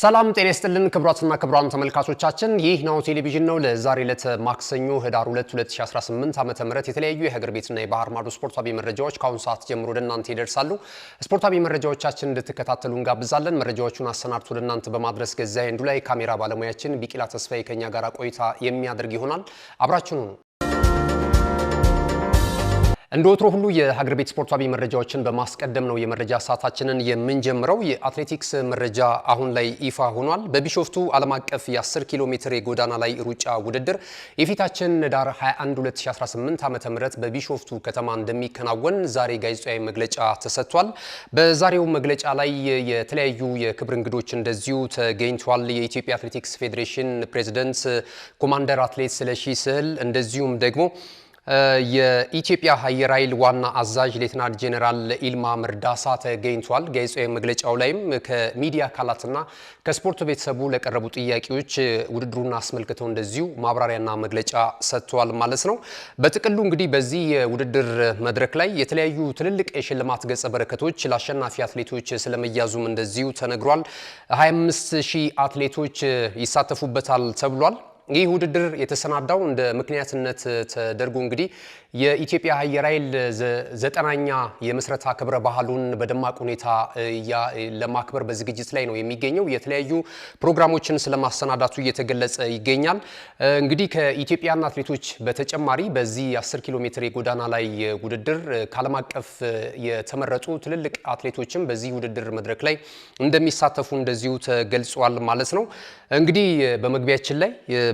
ሰላም ጤና ይስጥልን ክቡራትና ክቡራን ተመልካቾቻችን፣ ይህ ናሁ ቴሌቪዥን ነው። ለዛሬ ዕለት ማክሰኞ ህዳር 2 2018 ዓ.ም የተለያዩ የሀገር ቤትና የባህር ማዶ ስፖርታዊ መረጃዎች ከአሁን ሰዓት ጀምሮ ወደ እናንተ ይደርሳሉ። ስፖርታዊ መረጃዎቻችን እንድትከታተሉ እንጋብዛለን። መረጃዎቹን አሰናድቶ ወደ እናንተ በማድረስ ገዛ ንዱ ላይ ካሜራ ባለሙያችን ቢቂላ ተስፋዬ ከኛ ጋር ቆይታ የሚያደርግ ይሆናል። አብራችሁኑ እንደ ወትሮ ሁሉ የሀገር ቤት ስፖርታዊ መረጃዎችን በማስቀደም ነው የመረጃ ሰዓታችንን የምንጀምረው። የአትሌቲክስ መረጃ አሁን ላይ ይፋ ሆኗል። በቢሾፍቱ ዓለም አቀፍ የ10 ኪሎ ሜትር የጎዳና ላይ ሩጫ ውድድር የፊታችን ዳር 21 2018 ዓ ም በቢሾፍቱ ከተማ እንደሚከናወን ዛሬ ጋዜጣዊ መግለጫ ተሰጥቷል። በዛሬው መግለጫ ላይ የተለያዩ የክብር እንግዶች እንደዚሁ ተገኝቷል። የኢትዮጵያ አትሌቲክስ ፌዴሬሽን ፕሬዚደንት ኮማንደር አትሌት ስለሺ ስህል እንደዚሁም ደግሞ የኢትዮጵያ አየር ኃይል ዋና አዛዥ ሌትናንት ጄኔራል ኢልማ መርዳሳ ተገኝቷል። ጋዜጣዊ መግለጫው ላይም ከሚዲያ አካላትና ከስፖርት ቤተሰቡ ለቀረቡ ጥያቄዎች ውድድሩን አስመልክተው እንደዚሁ ማብራሪያና መግለጫ ሰጥተዋል ማለት ነው። በጥቅሉ እንግዲህ በዚህ የውድድር መድረክ ላይ የተለያዩ ትልልቅ የሽልማት ገጸ በረከቶች ለአሸናፊ አትሌቶች ስለመያዙም እንደዚሁ ተነግሯል። 25 ሺህ አትሌቶች ይሳተፉበታል ተብሏል። ይህ ውድድር የተሰናዳው እንደ ምክንያትነት ተደርጎ እንግዲህ የኢትዮጵያ አየር ኃይል ዘጠናኛ የምስረታ ክብረ ባህሉን በደማቅ ሁኔታ ለማክበር በዝግጅት ላይ ነው የሚገኘው። የተለያዩ ፕሮግራሞችን ስለማሰናዳቱ እየተገለጸ ይገኛል። እንግዲህ ከኢትዮጵያን አትሌቶች በተጨማሪ በዚህ 10 ኪሎ ሜትር የጎዳና ላይ ውድድር ከዓለም አቀፍ የተመረጡ ትልልቅ አትሌቶችም በዚህ ውድድር መድረክ ላይ እንደሚሳተፉ እንደዚሁ ተገልጿል ማለት ነው። እንግዲህ በመግቢያችን ላይ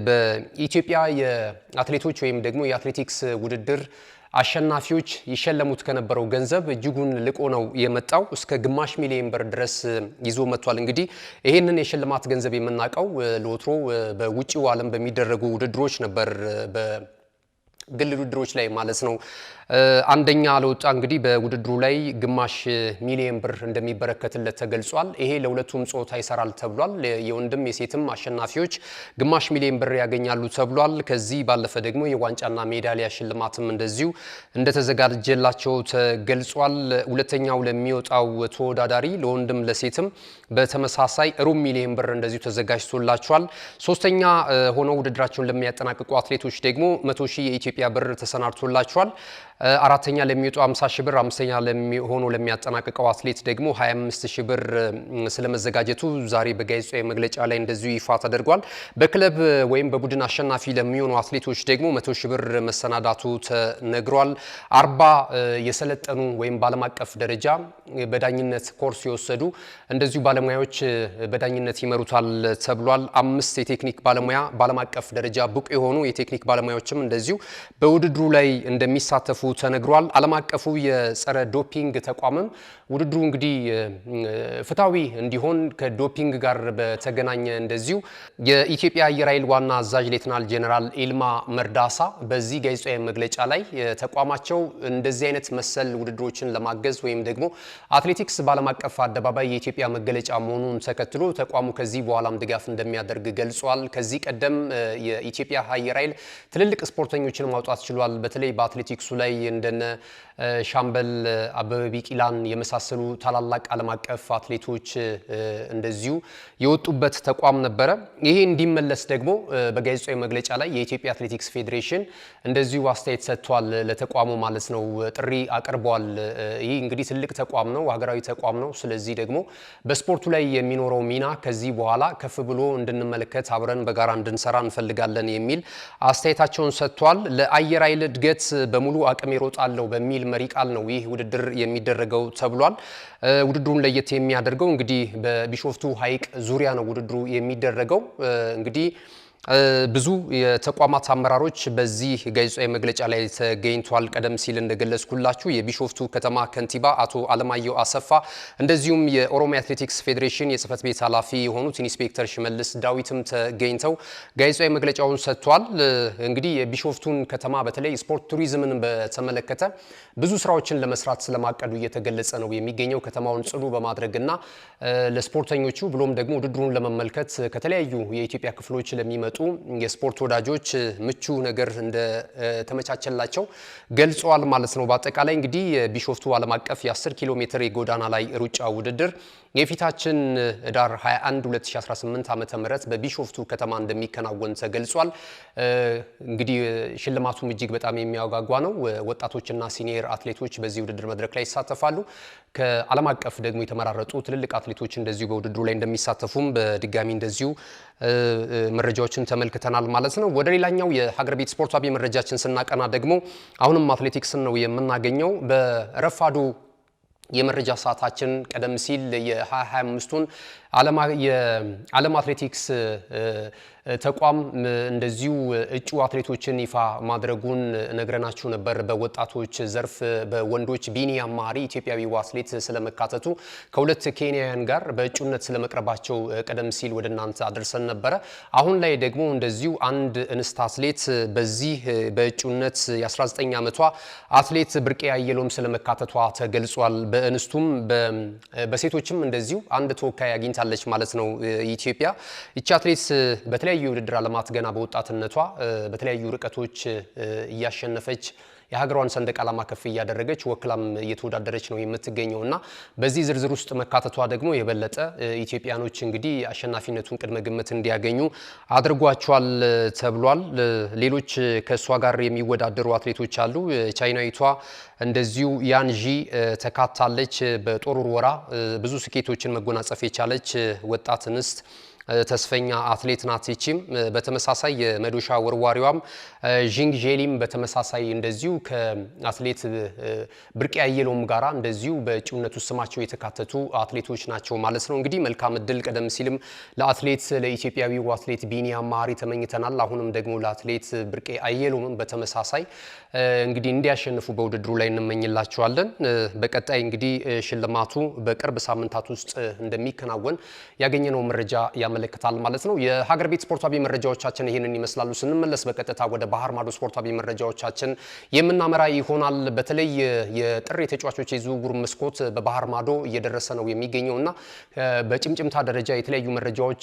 በኢትዮጵያ የአትሌቶች ወይም ደግሞ የአትሌቲክስ ውድድር አሸናፊዎች ይሸለሙት ከነበረው ገንዘብ እጅጉን ልቆ ነው የመጣው። እስከ ግማሽ ሚሊዮን ብር ድረስ ይዞ መጥቷል። እንግዲህ ይህንን የሽልማት ገንዘብ የምናውቀው ለወትሮ በውጭው ዓለም በሚደረጉ ውድድሮች ነበር፣ በግል ውድድሮች ላይ ማለት ነው። አንደኛ ለወጣ እንግዲህ በውድድሩ ላይ ግማሽ ሚሊየን ብር እንደሚበረከትለት ተገልጿል። ይሄ ለሁለቱም ጾታ ይሰራል ተብሏል። የወንድም የሴትም አሸናፊዎች ግማሽ ሚሊየን ብር ያገኛሉ ተብሏል። ከዚህ ባለፈ ደግሞ የዋንጫና ሜዳሊያ ሽልማትም እንደዚሁ እንደተዘጋጀላቸው ተገልጿል። ሁለተኛው ለሚወጣው ተወዳዳሪ ለወንድም ለሴትም በተመሳሳይ ሩብ ሚሊየን ብር እንደዚሁ ተዘጋጅቶላቸዋል። ሶስተኛ ሆነው ውድድራቸውን ለሚያጠናቅቁ አትሌቶች ደግሞ መቶ ሺህ የኢትዮጵያ ብር ተሰናድቶላቸዋል። አራተኛ ለሚወጡ 50 ሺህ ብር፣ አምስተኛ ለሚሆኑ ለሚያጠናቅቀው አትሌት ደግሞ 25 ሺህ ብር ስለመዘጋጀቱ ዛሬ በጋዜጣዊ መግለጫ ላይ እንደዚሁ ይፋ ተደርጓል። በክለብ ወይም በቡድን አሸናፊ ለሚሆኑ አትሌቶች ደግሞ 100 ሺህ ብር መሰናዳቱ ተነግሯል። አርባ የሰለጠኑ ወይም በዓለም አቀፍ ደረጃ በዳኝነት ኮርስ የወሰዱ እንደዚሁ ባለሙያዎች በዳኝነት ይመሩታል ተብሏል። አምስት የቴክኒክ ባለሙያ በዓለም አቀፍ ደረጃ ብቁ የሆኑ የቴክኒክ ባለሙያዎችም እንደዚሁ በውድድሩ ላይ እንደሚሳተፉ እንደሚያሸንፉ ተነግሯል። ዓለም አቀፉ የጸረ ዶፒንግ ተቋምም ውድድሩ እንግዲህ ፍትሐዊ እንዲሆን ከዶፒንግ ጋር በተገናኘ እንደዚሁ የኢትዮጵያ አየር ኃይል ዋና አዛዥ ሌትናል ጄኔራል ኢልማ መርዳሳ በዚህ ጋዜጣዊ መግለጫ ላይ ተቋማቸው እንደዚህ አይነት መሰል ውድድሮችን ለማገዝ ወይም ደግሞ አትሌቲክስ በዓለም አቀፍ አደባባይ የኢትዮጵያ መገለጫ መሆኑን ተከትሎ ተቋሙ ከዚህ በኋላም ድጋፍ እንደሚያደርግ ገልጿል። ከዚህ ቀደም የኢትዮጵያ አየር ኃይል ትልልቅ ስፖርተኞችን ማውጣት ችሏል። በተለይ በአትሌቲክሱ ላይ በተለይ እንደነ ሻምበል አበበ ቢቂላን የመሳሰሉ ታላላቅ ዓለም አቀፍ አትሌቶች እንደዚሁ የወጡበት ተቋም ነበረ። ይሄ እንዲመለስ ደግሞ በጋዜጣዊ መግለጫ ላይ የኢትዮጵያ አትሌቲክስ ፌዴሬሽን እንደዚሁ አስተያየት ሰጥቷል። ለተቋሙ ማለት ነው ጥሪ አቅርቧል። ይህ እንግዲህ ትልቅ ተቋም ነው፣ ሀገራዊ ተቋም ነው። ስለዚህ ደግሞ በስፖርቱ ላይ የሚኖረው ሚና ከዚህ በኋላ ከፍ ብሎ እንድንመለከት አብረን በጋራ እንድንሰራ እንፈልጋለን የሚል አስተያየታቸውን ሰጥቷል። ለአየር ኃይል እድገት በሙሉ አቅም አቅም ይሮጣለሁ በሚል መሪ ቃል ነው ይህ ውድድር የሚደረገው ተብሏል። ውድድሩን ለየት የሚያደርገው እንግዲህ በቢሾፍቱ ሐይቅ ዙሪያ ነው ውድድሩ የሚደረገው እንግዲህ ብዙ የተቋማት አመራሮች በዚህ ጋዜጣዊ መግለጫ ላይ ተገኝቷል። ቀደም ሲል እንደገለጽኩላችሁ የቢሾፍቱ ከተማ ከንቲባ አቶ አለማየሁ አሰፋ እንደዚሁም የኦሮሚያ አትሌቲክስ ፌዴሬሽን የጽህፈት ቤት ኃላፊ የሆኑት ኢንስፔክተር ሽመልስ ዳዊትም ተገኝተው ጋዜጣዊ መግለጫውን ሰጥቷል። እንግዲህ የቢሾፍቱን ከተማ በተለይ ስፖርት ቱሪዝምን በተመለከተ ብዙ ስራዎችን ለመስራት ስለማቀዱ እየተገለጸ ነው የሚገኘው ከተማውን ጽዱ በማድረግና ለስፖርተኞቹ ብሎም ደግሞ ውድድሩን ለመመልከት ከተለያዩ የኢትዮጵያ ክፍሎች ለሚመጡ እንደመጡ የስፖርት ወዳጆች ምቹ ነገር እንደተመቻቸላቸው ገልጸዋል ማለት ነው። በአጠቃላይ እንግዲህ የቢሾፍቱ ዓለም አቀፍ የ10 ኪሎ ሜትር የጎዳና ላይ ሩጫ ውድድር የፊታችን ህዳር 21 2018 ዓ ም በቢሾፍቱ ከተማ እንደሚከናወን ተገልጿል። እንግዲህ ሽልማቱም እጅግ በጣም የሚያጓጓ ነው። ወጣቶችና ሲኒየር አትሌቶች በዚህ ውድድር መድረክ ላይ ይሳተፋሉ። ከዓለም አቀፍ ደግሞ የተመራረጡ ትልልቅ አትሌቶች እንደዚሁ በውድድሩ ላይ እንደሚሳተፉም በድጋሚ እንደዚሁ መረጃዎችን ተመልክተናል ማለት ነው። ወደ ሌላኛው የሀገር ቤት ስፖርታዊ መረጃችን ስናቀና ደግሞ አሁንም አትሌቲክስን ነው የምናገኘው በረፋዱ የመረጃ ሰዓታችን ቀደም ሲል የ2025ቱን የዓለም አትሌቲክስ ተቋም እንደዚሁ እጩ አትሌቶችን ይፋ ማድረጉን ነግረናችሁ ነበር። በወጣቶች ዘርፍ በወንዶች ቢኒያም መሀሪ ኢትዮጵያዊው አትሌት ስለመካተቱ ከሁለት ኬንያውያን ጋር በእጩነት ስለመቅረባቸው ቀደም ሲል ወደ እናንተ አድርሰን ነበረ። አሁን ላይ ደግሞ እንደዚሁ አንድ እንስት አትሌት በዚህ በእጩነት የ19 ዓመቷ አትሌት ብርቄ አየሎም ስለመካተቷ ተገልጿል። በእንስቱም በሴቶችም እንደዚሁ አንድ ተወካይ አግኝታል። አሳክታለች ማለት ነው ኢትዮጵያ። ይቺ አትሌት በተለያዩ የውድድር ዓለማት ገና በወጣትነቷ በተለያዩ ርቀቶች እያሸነፈች የሀገሯን ሰንደቅ ዓላማ ከፍ እያደረገች ወክላም እየተወዳደረች ነው የምትገኘው እና በዚህ ዝርዝር ውስጥ መካተቷ ደግሞ የበለጠ ኢትዮጵያኖች እንግዲህ አሸናፊነቱን ቅድመ ግምት እንዲያገኙ አድርጓቸዋል ተብሏል። ሌሎች ከእሷ ጋር የሚወዳደሩ አትሌቶች አሉ። ቻይናዊቷ እንደዚሁ ያንዢ ተካታለች። በጦር ውርወራ ብዙ ስኬቶችን መጎናጸፍ የቻለች ወጣት እንስት ተስፈኛ አትሌት ናት። ይቺም በተመሳሳይ የመዶሻ ወርዋሪዋም ዥንግ ጄሊም በተመሳሳይ እንደዚሁ ከአትሌት ብርቅ ያየለውም ጋራ እንደዚሁ በእጩነቱ ስማቸው የተካተቱ አትሌቶች ናቸው ማለት ነው። እንግዲህ መልካም እድል። ቀደም ሲልም ለአትሌት ለኢትዮጵያዊው አትሌት ቢኒያም መሀሪ ተመኝተናል። አሁንም ደግሞ ለአትሌት ብርቄ አየሎምም በተመሳሳይ እንግዲህ እንዲያሸንፉ በውድድሩ ላይ እንመኝላቸዋለን። በቀጣይ እንግዲህ ሽልማቱ በቅርብ ሳምንታት ውስጥ እንደሚከናወን ያገኘነው መረጃ ያመ ያመለክታል ማለት ነው። የሀገር ቤት ስፖርታዊ መረጃዎቻችን ይህንን ይመስላሉ። ስንመለስ በቀጥታ ወደ ባህር ማዶ ስፖርታዊ መረጃዎቻችን የምናመራ ይሆናል። በተለይ የጥር የተጫዋቾች የዝውውር መስኮት በባህር ማዶ እየደረሰ ነው የሚገኘው እና በጭምጭምታ ደረጃ የተለያዩ መረጃዎች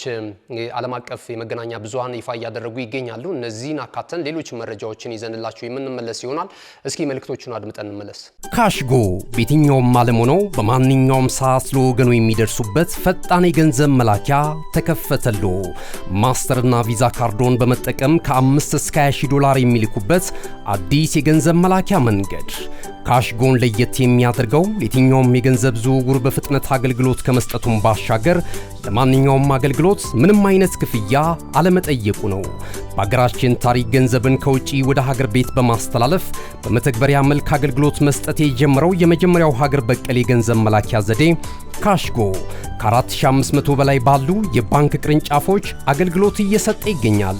ዓለም አቀፍ የመገናኛ ብዙሃን ይፋ እያደረጉ ይገኛሉ። እነዚህን አካተን ሌሎች መረጃዎችን ይዘንላችሁ የምንመለስ ይሆናል። እስኪ መልእክቶቹን አድምጠን እንመለስ። ካሽጎ በየትኛውም ዓለም ሆነው በማንኛውም ሰዓት ለወገኑ የሚደርሱበት ፈጣን የገንዘብ መላኪያ ተከፍ ተከፈተሎ። ማስተርና ቪዛ ካርዶን በመጠቀም ከ5 እስከ 20 ዶላር የሚልኩበት አዲስ የገንዘብ መላኪያ መንገድ ካሽጎን ለየት የሚያደርገው የትኛውም የገንዘብ ዝውውር በፍጥነት አገልግሎት ከመስጠቱን ባሻገር ለማንኛውም አገልግሎት ምንም አይነት ክፍያ አለመጠየቁ ነው። በአገራችን ታሪክ ገንዘብን ከውጪ ወደ ሀገር ቤት በማስተላለፍ በመተግበሪያ መልክ አገልግሎት መስጠት የጀመረው የመጀመሪያው ሀገር በቀል የገንዘብ መላኪያ ዘዴ ካሽጎ ከ4500 በላይ ባሉ የባንክ ቅርንጫፎች አገልግሎት እየሰጠ ይገኛል።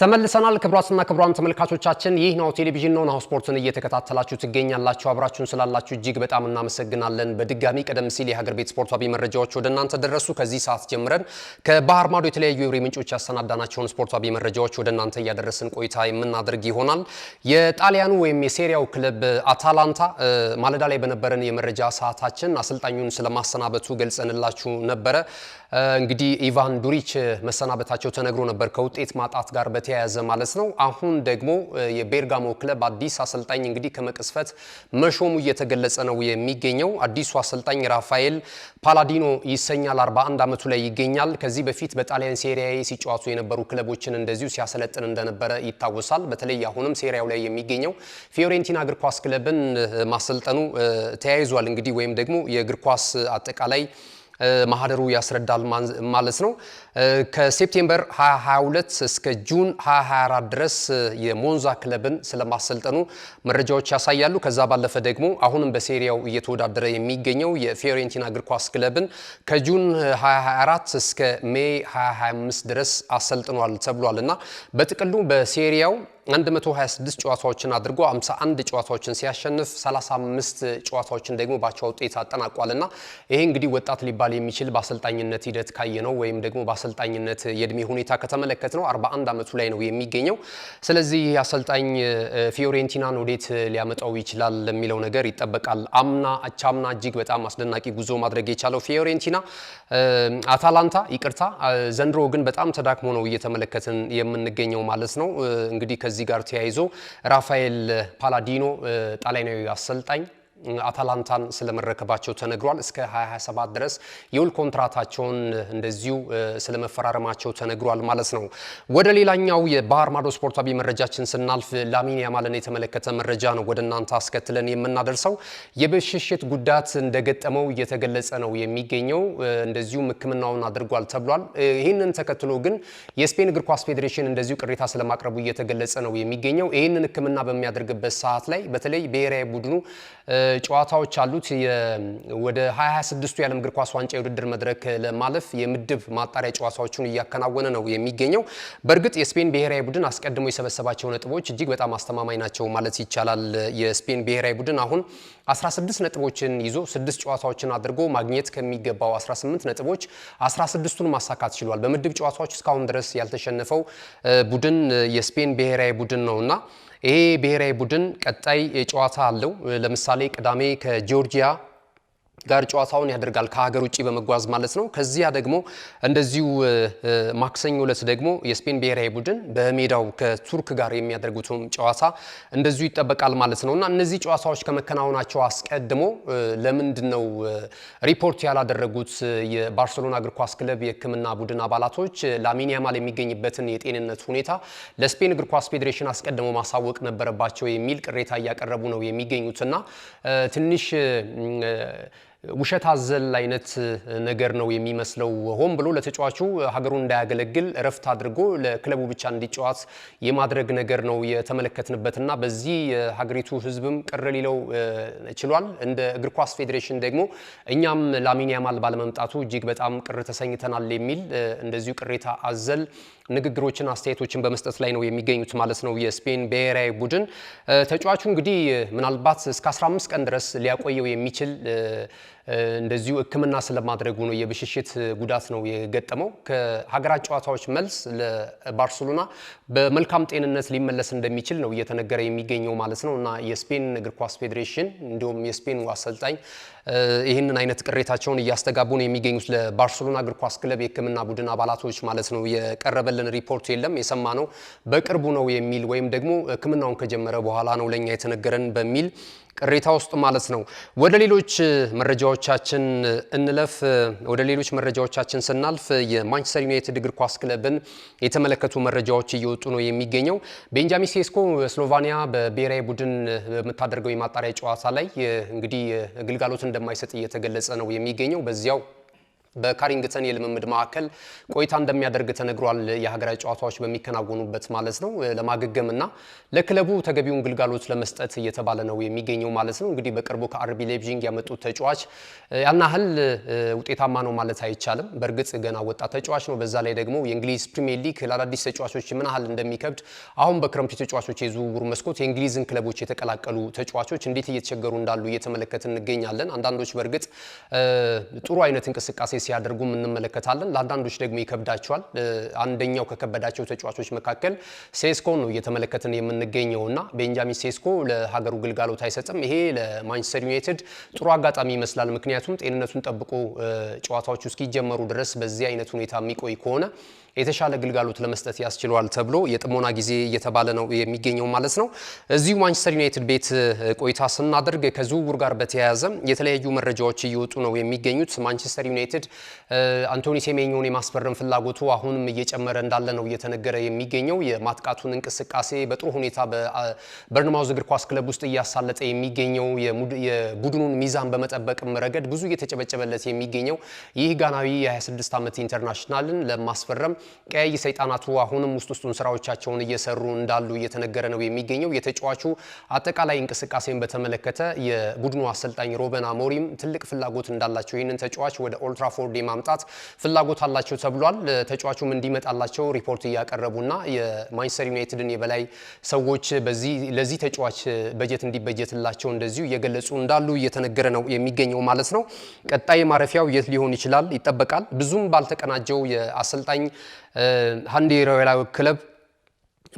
ተመልሰናል። ክቡራትና ክቡራን ተመልካቾቻችን ይህ ናሁ ቴሌቪዥን ነው። ናሁ ስፖርትን እየተከታተላችሁ ትገኛላችሁ። አብራችሁን ስላላችሁ እጅግ በጣም እናመሰግናለን። በድጋሚ ቀደም ሲል የሀገር ቤት ስፖርታዊ መረጃዎች ወደ እናንተ ደረሱ። ከዚህ ሰዓት ጀምረን ከባህር ማዶ የተለያዩ የብሬ ምንጮች ያሰናዳናቸውን ስፖርታዊ መረጃዎች ወደ እናንተ እያደረስን ቆይታ የምናደርግ ይሆናል። የጣሊያኑ ወይም የሴሪያው ክለብ አታላንታ ማለዳ ላይ በነበረን የመረጃ ሰዓታችን አሰልጣኙን ስለማሰናበቱ ገልጸንላችሁ ነበረ። እንግዲህ ኢቫን ዱሪች መሰናበታቸው ተነግሮ ነበር ከውጤት ማጣት ጋር በተያያዘ ማለት ነው። አሁን ደግሞ የቤርጋሞ ክለብ አዲስ አሰልጣኝ እንግዲህ ከመቅስፈት መሾሙ እየተገለጸ ነው የሚገኘው። አዲሱ አሰልጣኝ ራፋኤል ፓላዲኖ ይሰኛል። 41 ዓመቱ ላይ ይገኛል። ከዚህ በፊት በጣሊያን ሴሪያ ሲጫወቱ የነበሩ ክለቦችን እንደዚሁ ሲያሰለጥን እንደነበረ ይታወሳል። በተለይ አሁንም ሴሪያው ላይ የሚገኘው ፊዮሬንቲና እግር ኳስ ክለብን ማሰልጠኑ ተያይዟል። እንግዲህ ወይም ደግሞ የእግር ኳስ አጠቃላይ ማህደሩ ያስረዳል ማለት ነው። ከሴፕቴምበር 2022 እስከ ጁን 2024 ድረስ የሞንዛ ክለብን ስለማሰልጠኑ መረጃዎች ያሳያሉ። ከዛ ባለፈ ደግሞ አሁንም በሴሪያው እየተወዳደረ የሚገኘው የፊዮሬንቲና እግር ኳስ ክለብን ከጁን 2024 እስከ ሜይ 2025 ድረስ አሰልጥኗል ተብሏል እና በጥቅሉ በሴሪያው 126 ጨዋታዎችን አድርጎ 51 ጨዋታዎችን ሲያሸንፍ 35 ጨዋታዎችን ደግሞ ባቻ ውጤት አጠናቋልና ይሄ እንግዲህ ወጣት ሊባል የሚችል በአሰልጣኝነት ሂደት ካየ ነው ወይም ደግሞ አሰልጣኝነት የእድሜ ሁኔታ ከተመለከት ነው 41 ዓመቱ ላይ ነው የሚገኘው። ስለዚህ አሰልጣኝ ፊዮሬንቲናን ወዴት ሊያመጣው ይችላል የሚለው ነገር ይጠበቃል። አምና አቻምና እጅግ በጣም አስደናቂ ጉዞ ማድረግ የቻለው ፊዮሬንቲና አታላንታ ይቅርታ፣ ዘንድሮ ግን በጣም ተዳክሞ ነው እየተመለከትን የምንገኘው ማለት ነው። እንግዲህ ከዚህ ጋር ተያይዞ ራፋኤል ፓላዲኖ ጣሊያናዊ አሰልጣኝ አታላንታን ስለመረከባቸው ተነግሯል። እስከ 2027 ድረስ የውል ኮንትራታቸውን እንደዚሁ ስለመፈራረማቸው ተነግሯል ማለት ነው። ወደ ሌላኛው የባህር ማዶ ስፖርታዊ መረጃችን ስናልፍ ላሚን ያማልን የተመለከተ መረጃ ነው ወደ እናንተ አስከትለን የምናደርሰው። የብሽሽት ጉዳት እንደገጠመው እየተገለጸ ነው የሚገኘው። እንደዚሁም ሕክምናውን አድርጓል ተብሏል። ይህንን ተከትሎ ግን የስፔን እግር ኳስ ፌዴሬሽን እንደዚሁ ቅሬታ ስለማቅረቡ እየተገለጸ ነው የሚገኘው። ይህንን ሕክምና በሚያደርግበት ሰዓት ላይ በተለይ ብሔራዊ ቡድኑ ጨዋታዎች አሉት። ወደ 26 ቱ የዓለም እግር ኳስ ዋንጫ የውድድር መድረክ ለማለፍ የምድብ ማጣሪያ ጨዋታዎቹን እያከናወነ ነው የሚገኘው። በእርግጥ የስፔን ብሔራዊ ቡድን አስቀድሞ የሰበሰባቸው ነጥቦች እጅግ በጣም አስተማማኝ ናቸው ማለት ይቻላል። የስፔን ብሔራዊ ቡድን አሁን 16 ነጥቦችን ይዞ 6 ጨዋታዎችን አድርጎ ማግኘት ከሚገባው 18 ነጥቦች 16ቱን ማሳካት ችሏል። በምድብ ጨዋታዎች እስካሁን ድረስ ያልተሸነፈው ቡድን የስፔን ብሔራዊ ቡድን እና ይሄ ብሔራዊ ቡድን ቀጣይ ጨዋታ አለው። ለምሳሌ ቅዳሜ ከጆርጂያ ጋር ጨዋታውን ያደርጋል ከሀገር ውጭ በመጓዝ ማለት ነው። ከዚያ ደግሞ እንደዚሁ ማክሰኞ ዕለት ደግሞ የስፔን ብሔራዊ ቡድን በሜዳው ከቱርክ ጋር የሚያደርጉትም ጨዋታ እንደዚሁ ይጠበቃል ማለት ነው እና እነዚህ ጨዋታዎች ከመከናወናቸው አስቀድሞ ለምንድን ነው ሪፖርት ያላደረጉት የባርሴሎና እግር ኳስ ክለብ የሕክምና ቡድን አባላቶች ላሚን ያማል የሚገኝበትን የጤንነት ሁኔታ ለስፔን እግር ኳስ ፌዴሬሽን አስቀድሞ ማሳወቅ ነበረባቸው የሚል ቅሬታ እያቀረቡ ነው የሚገኙትና ትንሽ ውሸት አዘል አይነት ነገር ነው የሚመስለው። ሆን ብሎ ለተጫዋቹ ሀገሩን እንዳያገለግል እረፍት አድርጎ ለክለቡ ብቻ እንዲጫወት የማድረግ ነገር ነው የተመለከትንበትና በዚህ ሀገሪቱ ሕዝብም ቅር ሊለው ችሏል። እንደ እግር ኳስ ፌዴሬሽን ደግሞ እኛም ላሚን ያማል ባለመምጣቱ እጅግ በጣም ቅር ተሰኝተናል የሚል እንደዚሁ ቅሬታ አዘል ንግግሮችን፣ አስተያየቶችን በመስጠት ላይ ነው የሚገኙት ማለት ነው። የስፔን ብሔራዊ ቡድን ተጫዋቹ እንግዲህ ምናልባት እስከ 15 ቀን ድረስ ሊያቆየው የሚችል እንደዚሁ ሕክምና ስለማድረጉ ነው። የብሽሽት ጉዳት ነው የገጠመው። ከሀገራት ጨዋታዎች መልስ ለባርሴሎና በመልካም ጤንነት ሊመለስ እንደሚችል ነው እየተነገረ የሚገኘው ማለት ነው እና የስፔን እግር ኳስ ፌዴሬሽን እንዲሁም የስፔን አሰልጣኝ ይህንን አይነት ቅሬታቸውን እያስተጋቡ ነው የሚገኙት ለባርሴሎና እግር ኳስ ክለብ የሕክምና ቡድን አባላቶች ማለት ነው። የቀረበልን ሪፖርት የለም የሰማ ነው በቅርቡ ነው የሚል ወይም ደግሞ ሕክምናውን ከጀመረ በኋላ ነው ለእኛ የተነገረን በሚል ቅሬታ ውስጥ ማለት ነው። ወደ ሌሎች መረጃዎቻችን እንለፍ። ወደ ሌሎች መረጃዎቻችን ስናልፍ የማንቸስተር ዩናይትድ እግር ኳስ ክለብን የተመለከቱ መረጃዎች እየወጡ ነው የሚገኘው። ቤንጃሚን ሴስኮ ስሎቫኒያ በብሔራዊ ቡድን በምታደርገው የማጣሪያ ጨዋታ ላይ እንግዲህ ግልጋሎት እንደማይሰጥ እየተገለጸ ነው የሚገኘው በዚያው በካሪንግተን የልምምድ ማዕከል ቆይታ እንደሚያደርግ ተነግሯል። የሀገራዊ ጨዋታዎች በሚከናወኑበት ማለት ነው። ለማገገም እና ለክለቡ ተገቢውን ግልጋሎት ለመስጠት እየተባለ ነው የሚገኘው ማለት ነው። እንግዲህ በቅርቡ ከአርቢ ሌብዥንግ ያመጡት ተጫዋች ያን ያህል ውጤታማ ነው ማለት አይቻልም። በእርግጥ ገና ወጣት ተጫዋች ነው። በዛ ላይ ደግሞ የእንግሊዝ ፕሪሚየር ሊግ ለአዳዲስ ተጫዋቾች ምን ያህል እንደሚከብድ አሁን በክረምቱ ተጫዋቾች የዝውውር መስኮት የእንግሊዝን ክለቦች የተቀላቀሉ ተጫዋቾች እንዴት እየተቸገሩ እንዳሉ እየተመለከት እንገኛለን። አንዳንዶች በእርግጥ ጥሩ አይነት እንቅስቃሴ ሲያደርጉም እንመለከታለን። ለአንዳንዶች ደግሞ ይከብዳቸዋል። አንደኛው ከከበዳቸው ተጫዋቾች መካከል ሴስኮ ነው እየተመለከትን የምንገኘው እና ቤንጃሚን ሴስኮ ለሀገሩ ግልጋሎት አይሰጥም። ይሄ ለማንቸስተር ዩናይትድ ጥሩ አጋጣሚ ይመስላል። ምክንያቱም ጤንነቱን ጠብቆ ጨዋታዎቹ እስኪጀመሩ ድረስ በዚህ አይነት ሁኔታ የሚቆይ ከሆነ የተሻለ ግልጋሎት ለመስጠት ያስችለዋል ተብሎ የጥሞና ጊዜ እየተባለ ነው የሚገኘው ማለት ነው። እዚሁ ማንቸስተር ዩናይትድ ቤት ቆይታ ስናደርግ ከዝውውር ጋር በተያያዘ የተለያዩ መረጃዎች እየወጡ ነው የሚገኙት። ማንቸስተር ዩናይትድ አንቶኒ ሴሜኞን የማስፈረም ፍላጎቱ አሁንም እየጨመረ እንዳለ ነው እየተነገረ የሚገኘው። የማጥቃቱን እንቅስቃሴ በጥሩ ሁኔታ በበርንማውዝ እግር ኳስ ክለብ ውስጥ እያሳለጠ የሚገኘው የቡድኑን ሚዛን በመጠበቅም ረገድ ብዙ እየተጨበጨበለት የሚገኘው ይህ ጋናዊ የ26 ዓመት ኢንተርናሽናልን ለማስፈረም ቀያይ ሰይጣናቱ አሁንም ውስጥ ውስጡን ስራዎቻቸውን እየሰሩ እንዳሉ እየተነገረ ነው የሚገኘው። የተጫዋቹ አጠቃላይ እንቅስቃሴን በተመለከተ የቡድኑ አሰልጣኝ ሮበን አሞሪም ትልቅ ፍላጎት እንዳላቸው ይህንን ተጫዋች ወደ ኦልትራፎርድ የማምጣት ፍላጎት አላቸው ተብሏል። ተጫዋቹም እንዲመጣላቸው ሪፖርት እያቀረቡና የማንቸስተር ዩናይትድን የበላይ ሰዎች ለዚህ ተጫዋች በጀት እንዲበጀትላቸው እንደዚሁ እየገለጹ እንዳሉ እየተነገረ ነው የሚገኘው ማለት ነው። ቀጣይ ማረፊያው የት ሊሆን ይችላል ይጠበቃል። ብዙም ባልተቀናጀው የአሰልጣኝ han die Royal Club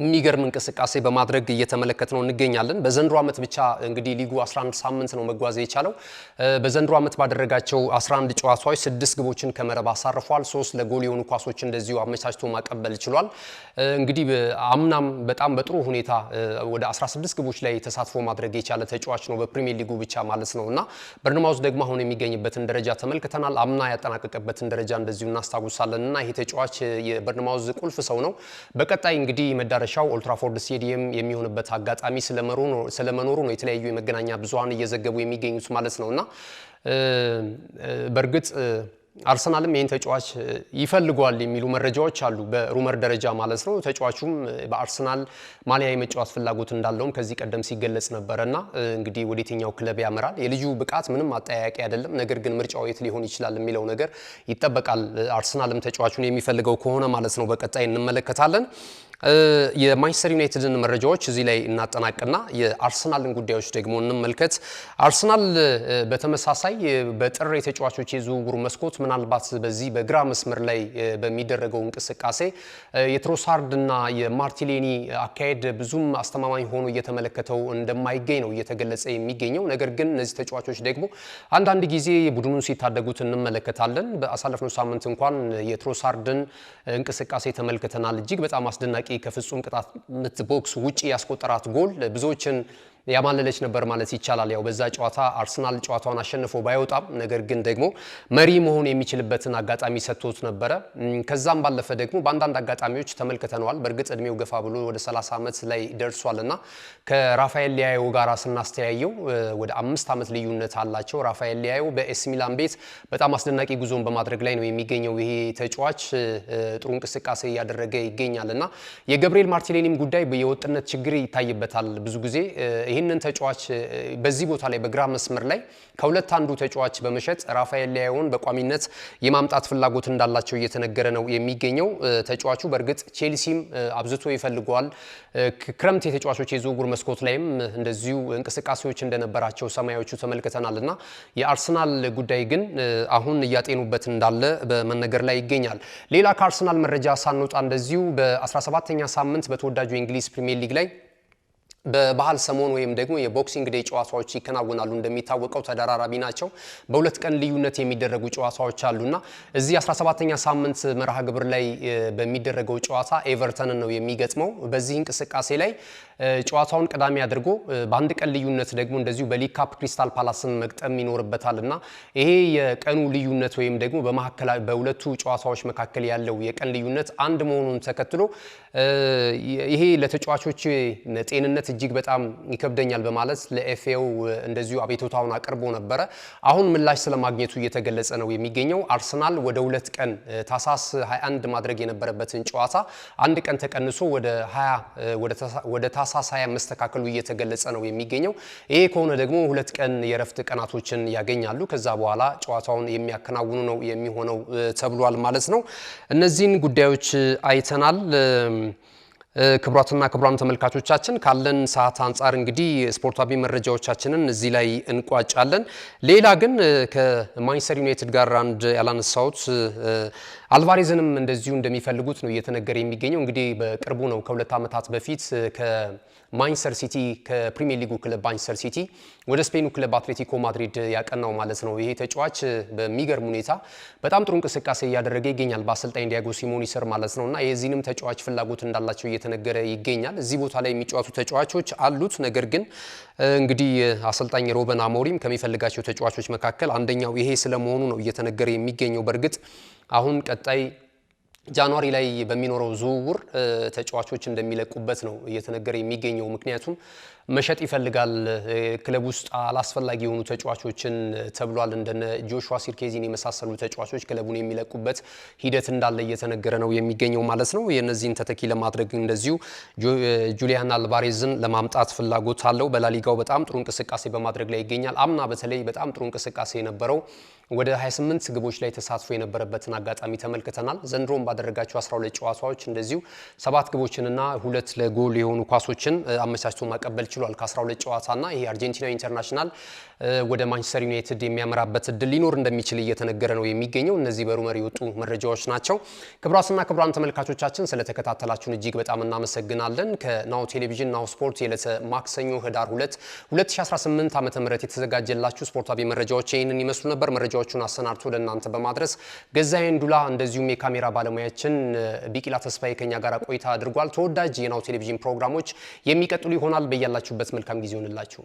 የሚገርም እንቅስቃሴ በማድረግ እየተመለከት ነው እንገኛለን። በዘንድሮ ዓመት ብቻ እንግዲህ ሊጉ 11 ሳምንት ነው መጓዝ የቻለው። በዘንድሮ ዓመት ባደረጋቸው 11 ጨዋታዎች ስድስት ግቦችን ከመረብ አሳርፏል። ሶስት ለጎል የሆኑ ኳሶች እንደዚሁ አመቻችቶ ማቀበል ችሏል። እንግዲህ አምናም በጣም በጥሩ ሁኔታ ወደ 16 ግቦች ላይ ተሳትፎ ማድረግ የቻለ ተጫዋች ነው በፕሪሚየር ሊጉ ብቻ ማለት ነው እና በርንማውዝ ደግሞ አሁን የሚገኝበትን ደረጃ ተመልክተናል። አምና ያጠናቀቀበትን ደረጃ እንደዚሁ እናስታውሳለን እና ይሄ ተጫዋች የበርንማውዝ ቁልፍ ሰው ነው። በቀጣይ እንግዲህ መዳረሻ መነሻው ኦልትራፎርድ ስቴዲየም የሚሆንበት አጋጣሚ ስለመኖሩ ነው የተለያዩ የመገናኛ ብዙሀን እየዘገቡ የሚገኙት ማለት ነው እና በእርግጥ አርሰናልም ይህን ተጫዋች ይፈልገዋል የሚሉ መረጃዎች አሉ፣ በሩመር ደረጃ ማለት ነው። ተጫዋቹም በአርሰናል ማሊያ የመጫወት ፍላጎት እንዳለውም ከዚህ ቀደም ሲገለጽ ነበረ እና እንግዲህ ወደ የትኛው ክለብ ያመራል የልጁ ብቃት ምንም አጠያያቂ አይደለም። ነገር ግን ምርጫው የት ሊሆን ይችላል የሚለው ነገር ይጠበቃል። አርሰናልም ተጫዋቹን የሚፈልገው ከሆነ ማለት ነው በቀጣይ እንመለከታለን። የማንቸስተር ዩናይትድን መረጃዎች እዚህ ላይ እናጠናቅና የአርሰናልን ጉዳዮች ደግሞ እንመልከት። አርሰናል በተመሳሳይ በጥር የተጫዋቾች የዝውውሩ መስኮት ምናልባት በዚህ በግራ መስመር ላይ በሚደረገው እንቅስቃሴ የትሮሳርድና የማርቲሌኒ አካሄድ ብዙም አስተማማኝ ሆኖ እየተመለከተው እንደማይገኝ ነው እየተገለጸ የሚገኘው። ነገር ግን እነዚህ ተጫዋቾች ደግሞ አንዳንድ ጊዜ ቡድኑን ሲታደጉት እንመለከታለን። በአሳለፍነው ሳምንት እንኳን የትሮሳርድን እንቅስቃሴ ተመልክተናል። እጅግ በጣም አስደናቂ አጥቂ ከፍጹም ቅጣት ምት ቦክስ ውጪ ያስቆጠራት ጎል ብዙዎችን ያማለለች ነበር ማለት ይቻላል። ያው በዛ ጨዋታ አርሰናል ጨዋታውን አሸንፎ ባይወጣም ነገር ግን ደግሞ መሪ መሆን የሚችልበትን አጋጣሚ ሰጥቶት ነበረ። ከዛም ባለፈ ደግሞ በአንዳንድ አጋጣሚዎች ተመልክተነዋል። በእርግጥ እድሜው ገፋ ብሎ ወደ 30 ዓመት ላይ ደርሷል እና ከራፋኤል ሊያዮ ጋር ስናስተያየው ወደ አምስት ዓመት ልዩነት አላቸው። ራፋኤል ሊያዮ በኤስ ሚላን ቤት በጣም አስደናቂ ጉዞን በማድረግ ላይ ነው የሚገኘው። ይሄ ተጫዋች ጥሩ እንቅስቃሴ እያደረገ ይገኛል እና የገብርኤል ማርቲኔሊም ጉዳይ የወጥነት ችግር ይታይበታል ብዙ ጊዜ ይህንን ተጫዋች በዚህ ቦታ ላይ በግራ መስመር ላይ ከሁለት አንዱ ተጫዋች በመሸጥ ራፋኤል ሊያዮን በቋሚነት የማምጣት ፍላጎት እንዳላቸው እየተነገረ ነው የሚገኘው። ተጫዋቹ በእርግጥ ቼልሲም አብዝቶ ይፈልገዋል። ክረምት የተጫዋቾች የዝውውር መስኮት ላይም እንደዚሁ እንቅስቃሴዎች እንደነበራቸው ሰማያዎቹ ተመልክተናል እና የአርሰናል ጉዳይ ግን አሁን እያጤኑበት እንዳለ በመነገር ላይ ይገኛል። ሌላ ከአርሰናል መረጃ ሳንወጣ እንደዚሁ በ17ኛ ሳምንት በተወዳጁ የእንግሊዝ ፕሪሚየር ሊግ ላይ በባህል ሰሞን ወይም ደግሞ የቦክሲንግ ዴይ ጨዋታዎች ይከናወናሉ። እንደሚታወቀው ተደራራቢ ናቸው። በሁለት ቀን ልዩነት የሚደረጉ ጨዋታዎች አሉና እዚህ 17ኛ ሳምንት መርሃ ግብር ላይ በሚደረገው ጨዋታ ኤቨርተንን ነው የሚገጥመው። በዚህ እንቅስቃሴ ላይ ጨዋታውን ቅዳሜ አድርጎ በአንድ ቀን ልዩነት ደግሞ እንደዚሁ በሊግ ካፕ ክሪስታል ፓላስን መግጠም ይኖርበታል እና ይሄ የቀኑ ልዩነት ወይም ደግሞ በሁለቱ ጨዋታዎች መካከል ያለው የቀን ልዩነት አንድ መሆኑን ተከትሎ ይሄ ለተጫዋቾች ጤንነት እጅግ በጣም ይከብደኛል በማለት ለኤፍኤው እንደዚሁ አቤቱታውን አቅርቦ ነበረ። አሁን ምላሽ ስለማግኘቱ እየተገለጸ ነው የሚገኘው። አርሰናል ወደ ሁለት ቀን ታሳስ 21 ማድረግ የነበረበትን ጨዋታ አንድ ቀን ተቀንሶ ወደ 20 ወደ ታህሳስ መስተካከሉ እየተገለጸ ነው የሚገኘው። ይሄ ከሆነ ደግሞ ሁለት ቀን የረፍት ቀናቶችን ያገኛሉ። ከዛ በኋላ ጨዋታውን የሚያከናውኑ ነው የሚሆነው ተብሏል ማለት ነው። እነዚህን ጉዳዮች አይተናል። ክቡራትና ክቡራን ተመልካቾቻችን ካለን ሰዓት አንጻር እንግዲህ ስፖርታዊ መረጃዎቻችንን እዚህ ላይ እንቋጫለን። ሌላ ግን ከማንቸስተር ዩናይትድ ጋር አንድ ያላነሳሁት አልቫሬዝንም እንደዚሁ እንደሚፈልጉት ነው እየተነገረ የሚገኘው። እንግዲህ በቅርቡ ነው ከሁለት ዓመታት በፊት ከማንቸስተር ሲቲ ከፕሪሚየር ሊጉ ክለብ ማንቸስተር ሲቲ ወደ ስፔኑ ክለብ አትሌቲኮ ማድሪድ ያቀናው ማለት ነው። ይሄ ተጫዋች በሚገርም ሁኔታ በጣም ጥሩ እንቅስቃሴ እያደረገ ይገኛል በአሰልጣኝ ዲያጎ ሲሞኒ ስር ማለት ነው እና የዚህንም ተጫዋች ፍላጎት እንዳላቸው እየተነገረ ይገኛል። እዚህ ቦታ ላይ የሚጫወቱ ተጫዋቾች አሉት። ነገር ግን እንግዲህ አሰልጣኝ ሮበን አሞሪም ከሚፈልጋቸው ተጫዋቾች መካከል አንደኛው ይሄ ስለመሆኑ ነው እየተነገረ የሚገኘው በእርግጥ አሁን ቀጣይ ጃንዋሪ ላይ በሚኖረው ዝውውር ተጫዋቾች እንደሚለቁበት ነው እየተነገረ የሚገኘው። ምክንያቱም መሸጥ ይፈልጋል ክለብ ውስጥ አላስፈላጊ የሆኑ ተጫዋቾችን ተብሏል። እንደነ ጆሹዋ ሲርኬዚን የመሳሰሉ ተጫዋቾች ክለቡን የሚለቁበት ሂደት እንዳለ እየተነገረ ነው የሚገኘው ማለት ነው። የእነዚህን ተተኪ ለማድረግ እንደዚሁ ጁሊያን አልቫሬዝን ለማምጣት ፍላጎት አለው። በላሊጋው በጣም ጥሩ እንቅስቃሴ በማድረግ ላይ ይገኛል። አምና በተለይ በጣም ጥሩ እንቅስቃሴ የነበረው ወደ 28 ግቦች ላይ ተሳትፎ የነበረበትን አጋጣሚ ተመልክተናል። ዘንድሮም ባደረጋቸው 12 ጨዋታዎች እንደዚሁ ሰባት ግቦችንና ሁለት ለጎል የሆኑ ኳሶችን አመቻችቶ ማቀበል ችሏል። ከ12 ጨዋታና ይሄ አርጀንቲና ኢንተርናሽናል ወደ ማንቸስተር ዩናይትድ የሚያመራበት እድል ሊኖር እንደሚችል እየተነገረ ነው የሚገኘው። እነዚህ በሩመር የወጡ መረጃዎች ናቸው። ክብራስና ክብራን ተመልካቾቻችን ስለተከታተላችሁን እጅግ በጣም እናመሰግናለን። ከናው ቴሌቪዥን ናው ስፖርት የዕለተ ማክሰኞ ህዳር 2 2018 ዓ ም የተዘጋጀላችሁ ስፖርታዊ መረጃዎች ይህንን ይመስሉ ነበር መረጃ መረጃዎቹን አሰናድቶ ለእናንተ በማድረስ ገዛኤ ዱላ እንደዚሁም የካሜራ ባለሙያችን ቢቂላ ተስፋዬ ከኛ ጋር ቆይታ አድርጓል። ተወዳጅ የናሁ ቴሌቪዥን ፕሮግራሞች የሚቀጥሉ ይሆናል። በያላችሁበት መልካም ጊዜ ይሆንላችሁ።